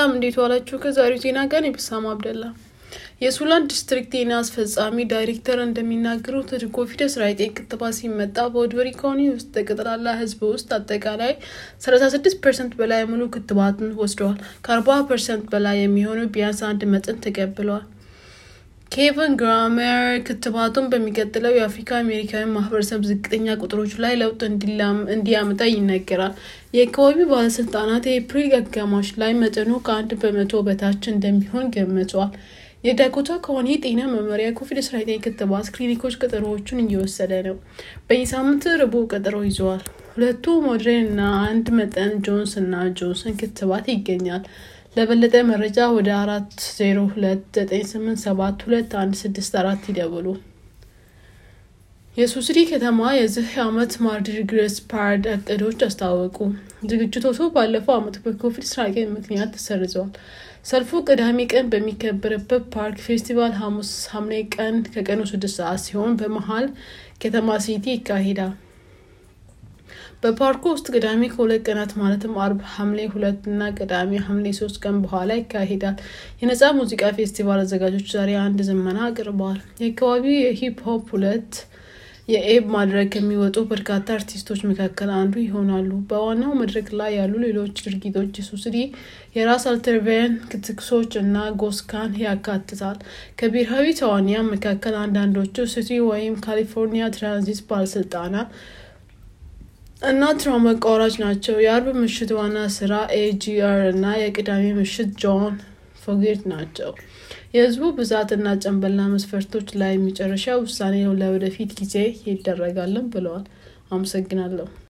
ሰላም እንዴት ዋላችሁ? ከዛሬው ዜና ጋር ኢብሳም አብደላ። የሱላን ዲስትሪክት ጤና አስፈጻሚ ዳይሬክተር እንደሚናገሩት ኮቪድ አስራ ዘጠኝ ክትባት ሲመጣ በወድበሪ ካውንቲ ውስጥ ተቀጥላላ ህዝብ ውስጥ አጠቃላይ ሰላሳ ስድስት ፐርሰንት በላይ ሙሉ ክትባትን ወስደዋል። ከአርባ ፐርሰንት በላይ የሚሆኑ ቢያንስ አንድ መጠን ተቀብለዋል። ኬቨን ግራመር ክትባቱን በሚቀጥለው የአፍሪካ አሜሪካዊ ማህበረሰብ ዝቅተኛ ቁጥሮች ላይ ለውጥ እንዲያመጣ ይነገራል። የአካባቢ ባለስልጣናት የኤፕሪል አጋማሽ ላይ መጠኑ ከአንድ በመቶ በታች እንደሚሆን ገምቷል። የዳኮታ ከሆነ የጤና መመሪያ ኮቪድ-19 ክትባት ክሊኒኮች ቀጠሮዎቹን እየወሰደ ነው። በየሳምንት ረቡዕ ቀጠሮ ይዘዋል። ሁለቱ ሞደርን እና አንድ መጠን ጆንስ እና ጆንስን ክትባት ይገኛል። ለበለጠ መረጃ ወደ 4029872164 ይደውሉ። የሱስዲ ከተማ የዚህ ዓመት ግሬስ ፓርድ እቅዶች አስታወቁ። ዝግጅቶቹ ባለፈው ዓመት በኮቪድ ስራቄ ምክንያት ተሰርዘዋል። ሰልፉ ቅዳሜ ቀን በሚከበርበት ፓርክ ፌስቲቫል ሐሙስ ሐምሌ ቀን ከቀኑ ስድስት ሰዓት ሲሆን በመሀል ከተማ ሲቲ ይካሄዳል። በፓርኩ ውስጥ ቅዳሜ ከሁለት ቀናት ማለትም አርብ ሐምሌ ሁለት እና ቅዳሜ ሐምሌ ሶስት ቀን በኋላ ይካሄዳል። የነጻ ሙዚቃ ፌስቲቫል አዘጋጆች ዛሬ አንድ ዘመና አቅርበዋል። የአካባቢው የሂፕ ሆፕ ሁለት የኤብ ማድረግ ከሚወጡ በርካታ አርቲስቶች መካከል አንዱ ይሆናሉ። በዋናው መድረክ ላይ ያሉ ሌሎች ድርጊቶች የሱስዲ፣ የራስ አልተርቬን፣ ክትክሶች እና ጎስካን ያካትታል። ከብሔራዊ ተዋንያን መካከል አንዳንዶቹ ሲቲ ወይም ካሊፎርኒያ ትራንዚት ባለስልጣናት እና ትራማ አቋራጭ ናቸው። የአርብ ምሽት ዋና ስራ ኤጂአር እና የቅዳሜ ምሽት ጆን ፎጌት ናቸው። የህዝቡ ብዛትና ጨንበላ መስፈርቶች ላይ የሚጨረሻ ውሳኔ ለወደፊት ጊዜ ይደረጋልን ብለዋል። አመሰግናለሁ።